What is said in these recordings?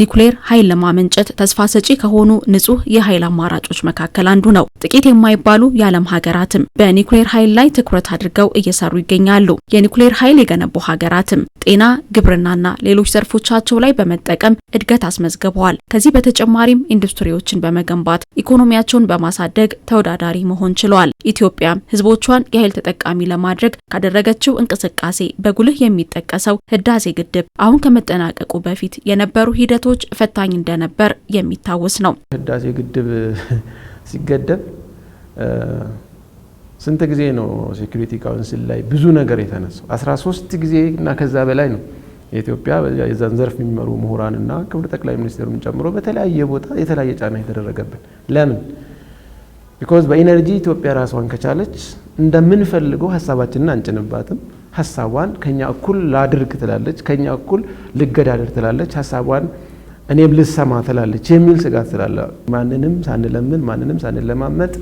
ኒኩሌር ኃይል ለማመንጨት ተስፋ ሰጪ ከሆኑ ንጹህ የኃይል አማራጮች መካከል አንዱ ነው። ጥቂት የማይባሉ የዓለም ሀገራትም በኒውክሌር ኃይል ላይ ትኩረት አድርገው እየሰሩ ይገኛሉ። የኒውክሌር ኃይል የገነቡ ሀገራትም ጤና፣ ግብርናና ሌሎች ዘርፎቻቸው ላይ በመጠቀም እድገት አስመዝግበዋል። ከዚህ በተጨማሪም ኢንዱስትሪዎችን በመገንባት ኢኮኖሚያቸውን በማሳደግ ተወዳዳሪ መሆን ችለዋል። ኢትዮጵያም ህዝቦቿን የኃይል ተጠቃሚ ለማድረግ ካደረገችው እንቅስቃሴ በጉልህ የሚጠቀሰው ህዳሴ ግድብ አሁን ከመጠናቀቁ በፊት የነበሩ ሂደቶች ፈታኝ እንደነበር የሚታወስ ነው። ህዳሴ ግድብ ሲገደብ ስንት ጊዜ ነው ሴኩሪቲ ካውንስል ላይ ብዙ ነገር የተነሳው? አስራ ሶስት ጊዜ እና ከዛ በላይ ነው የኢትዮጵያ የዛን ዘርፍ የሚመሩ እና ክብር ጠቅላይ ሚኒስትሩን ጨምሮ በተለያየ ቦታ የተለያየ ጫና የተደረገብን። ለምን? ቢኮዝ በኢነርጂ ኢትዮጵያ ራሷን ከቻለች እንደምንፈልገው ሀሳባችንን አንጭንባትም። ሀሳቧን ከኛ እኩል ላድርግ ትላለች፣ ከኛ እኩል ልገዳደር ትላለች። ሀሳቧን እኔም ልሰማ ትላለች የሚል ስጋት ስላለ ማንንም ሳንለምን ማንንም ሳንለማመጥ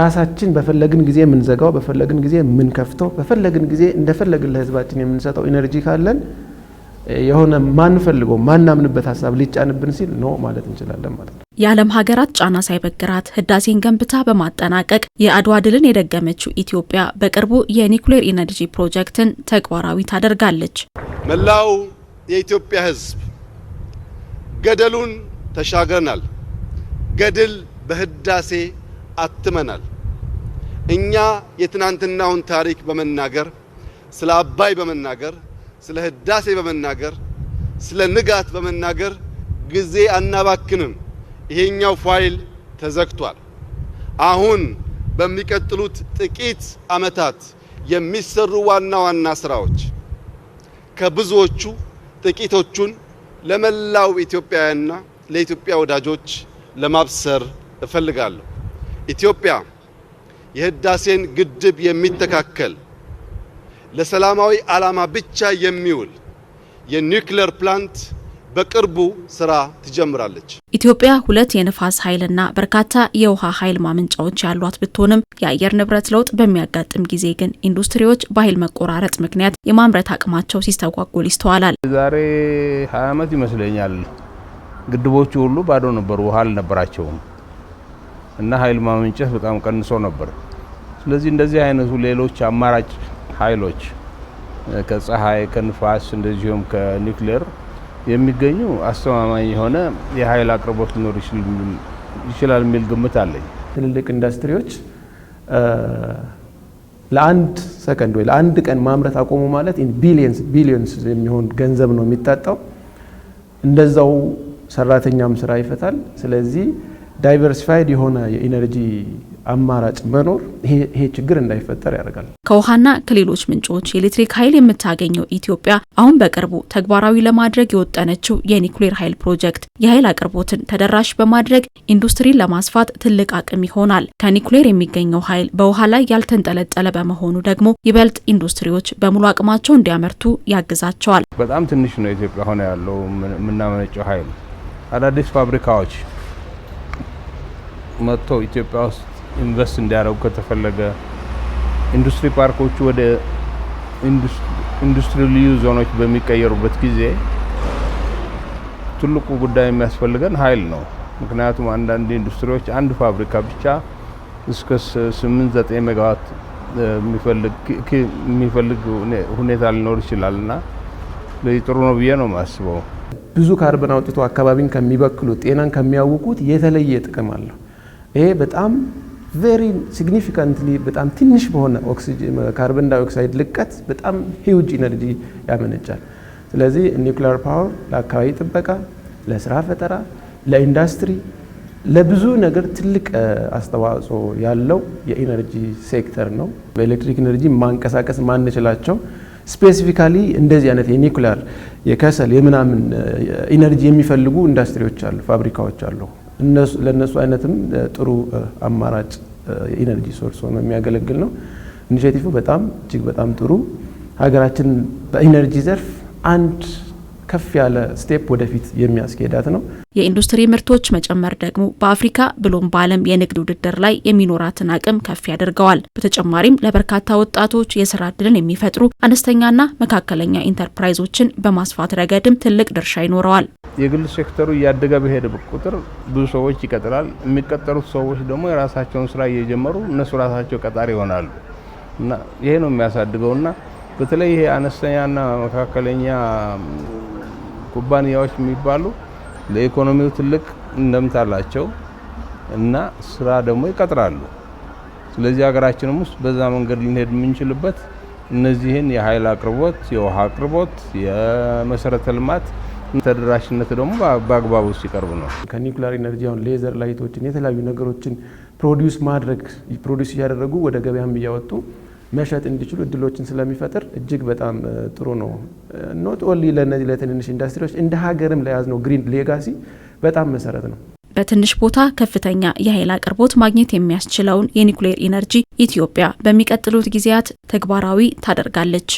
ራሳችን በፈለግን ጊዜ የምንዘጋው በፈለግን ጊዜ የምንከፍተው በፈለግን ጊዜ እንደፈለግን ለህዝባችን የምንሰጠው ኢነርጂ ካለን የሆነ ማንፈልገው ማናምንበት ሀሳብ ሊጫንብን ሲል ኖ ማለት እንችላለን ማለት ነው። የዓለም ሀገራት ጫና ሳይበግራት ህዳሴን ገንብታ በማጠናቀቅ የአድዋ ድልን የደገመችው ኢትዮጵያ በቅርቡ የኒውክሌር ኢነርጂ ፕሮጀክትን ተግባራዊ ታደርጋለች። መላው የኢትዮጵያ ህዝብ ገደሉን ተሻግረናል። ገድል በህዳሴ አትመናል። እኛ የትናንትናውን ታሪክ በመናገር ስለ አባይ በመናገር ስለ ህዳሴ በመናገር ስለ ንጋት በመናገር ጊዜ አናባክንም። ይሄኛው ፋይል ተዘግቷል። አሁን በሚቀጥሉት ጥቂት ዓመታት የሚሰሩ ዋና ዋና ስራዎች ከብዙዎቹ ጥቂቶቹን ለመላው ኢትዮጵያውያንና ለኢትዮጵያ ወዳጆች ለማብሰር እፈልጋለሁ። ኢትዮጵያ የህዳሴን ግድብ የሚተካከል ለሰላማዊ ዓላማ ብቻ የሚውል የኒውክሌር ፕላንት በቅርቡ ስራ ትጀምራለች። ኢትዮጵያ ሁለት የንፋስ ኃይልና በርካታ የውሃ ኃይል ማመንጫዎች ያሏት ብትሆንም የአየር ንብረት ለውጥ በሚያጋጥም ጊዜ ግን ኢንዱስትሪዎች በኃይል መቆራረጥ ምክንያት የማምረት አቅማቸው ሲስተጓጎል ይስተዋላል። ዛሬ ሀያ ዓመት ይመስለኛል ግድቦቹ ሁሉ ባዶ ነበሩ፣ ውሃ አልነበራቸውም እና ኃይል ማመንጨት በጣም ቀንሶ ነበር። ስለዚህ እንደዚህ አይነቱ ሌሎች አማራጭ ኃይሎች ከፀሐይ ከንፋስ እንደዚሁም ከኒውክሌር የሚገኙ አስተማማኝ የሆነ የኃይል አቅርቦት ሊኖር ይችላል የሚል ግምት አለኝ። ትልልቅ ኢንዱስትሪዎች ለአንድ ሰከንድ ወይ ለአንድ ቀን ማምረት አቆሙ ማለት ቢሊየንስ ቢሊየንስ የሚሆን ገንዘብ ነው የሚታጣው። እንደዛው ሰራተኛም ስራ ይፈታል። ስለዚህ ዳይቨርሲፋይድ የሆነ የኢነርጂ አማራጭ መኖር ይሄ ችግር እንዳይፈጠር ያደርጋል። ከውሃና ከሌሎች ምንጮች የኤሌክትሪክ ኃይል የምታገኘው ኢትዮጵያ አሁን በቅርቡ ተግባራዊ ለማድረግ የወጠነችው የኒኩሌር ኃይል ፕሮጀክት የኃይል አቅርቦትን ተደራሽ በማድረግ ኢንዱስትሪን ለማስፋት ትልቅ አቅም ይሆናል። ከኒኩሌር የሚገኘው ኃይል በውሃ ላይ ያልተንጠለጠለ በመሆኑ ደግሞ ይበልጥ ኢንዱስትሪዎች በሙሉ አቅማቸው እንዲያመርቱ ያግዛቸዋል። በጣም ትንሽ ነው ኢትዮጵያ ሆነ ያለው የምናመነጨው ኃይል አዳዲስ ፋብሪካዎች መጥተው ኢትዮጵያ ውስጥ ኢንቨስት እንዲያደርጉ ከተፈለገ ኢንዱስትሪ ፓርኮቹ ወደ ኢንዱስትሪ ልዩ ዞኖች በሚቀየሩበት ጊዜ ትልቁ ጉዳይ የሚያስፈልገን ኃይል ነው። ምክንያቱም አንዳንድ ኢንዱስትሪዎች አንድ ፋብሪካ ብቻ እስከ 8 9 ሜጋዋት የሚፈልግ ሁኔታ ሊኖር ይችላል እና ለዚህ ጥሩ ነው ብዬ ነው የማስበው። ብዙ ካርበን አውጥቶ አካባቢን ከሚበክሉት ጤናን ከሚያውቁት የተለየ ጥቅም አለው ይሄ በጣም ቬሪ ሲግኒፊካንትሊ በጣም ትንሽ በሆነ ካርበን ዳይኦክሳይድ ልቀት በጣም ሂውጅ ኢነርጂ ያመነጫል። ስለዚህ ኒውክሊየር ፓወር ለአካባቢ ጥበቃ፣ ለስራ ፈጠራ፣ ለኢንዱስትሪ፣ ለብዙ ነገር ትልቅ አስተዋጽኦ ያለው የኢነርጂ ሴክተር ነው። በኤሌክትሪክ ኢነርጂ ማንቀሳቀስ ማንችላቸው ስፔሲፊካሊ እንደዚህ አይነት የኒውክሊየር የከሰል የምናምን ኢነርጂ የሚፈልጉ ኢንዱስትሪዎች አሉ፣ ፋብሪካዎች አሉ። ለእነሱ አይነትም ጥሩ አማራጭ የኢነርጂ ሶርስ ሆኖ የሚያገለግል ነው። ኢኒሽቲቭ በጣም እጅግ በጣም ጥሩ ሀገራችን በኢነርጂ ዘርፍ አንድ ከፍ ያለ ስቴፕ ወደፊት የሚያስኬዳት ነው። የኢንዱስትሪ ምርቶች መጨመር ደግሞ በአፍሪካ ብሎም በዓለም የንግድ ውድድር ላይ የሚኖራትን አቅም ከፍ ያደርገዋል። በተጨማሪም ለበርካታ ወጣቶች የስራ እድልን የሚፈጥሩ አነስተኛና መካከለኛ ኢንተርፕራይዞችን በማስፋት ረገድም ትልቅ ድርሻ ይኖረዋል። የግል ሴክተሩ እያደገ በሄደ ቁጥር ብዙ ሰዎች ይቀጥራል። የሚቀጠሩት ሰዎች ደግሞ የራሳቸውን ስራ እየጀመሩ እነሱ ራሳቸው ቀጣሪ ይሆናሉ እና ይሄ ነው የሚያሳድገውና በተለይ ይሄ አነስተኛና መካከለኛ ኩባንያዎች የሚባሉ ለኢኮኖሚው ትልቅ እንደምታ አላቸው እና ስራ ደግሞ ይቀጥራሉ። ስለዚህ ሀገራችንም ውስጥ በዛ መንገድ ልንሄድ የምንችልበት እነዚህን የኃይል አቅርቦት፣ የውሃ አቅርቦት፣ የመሰረተ ልማት ተደራሽነት ደግሞ በአግባቡ ሲቀርቡ ነው። ከኒውክሌር ኢነርጂ አሁን ሌዘር ላይቶችን የተለያዩ ነገሮችን ፕሮዲውስ ማድረግ ፕሮዲውስ እያደረጉ ወደ ገበያም እያወጡ መሸጥ እንዲችሉ እድሎችን ስለሚፈጥር እጅግ በጣም ጥሩ ነው። ኖት ኦንሊ ለነዚህ ለትንንሽ ኢንዱስትሪዎች እንደ ሀገርም ለያዝነው ግሪን ሌጋሲ በጣም መሰረት ነው። በትንሽ ቦታ ከፍተኛ የኃይል አቅርቦት ማግኘት የሚያስችለውን የኒውክሌር ኢነርጂ ኢትዮጵያ በሚቀጥሉት ጊዜያት ተግባራዊ ታደርጋለች።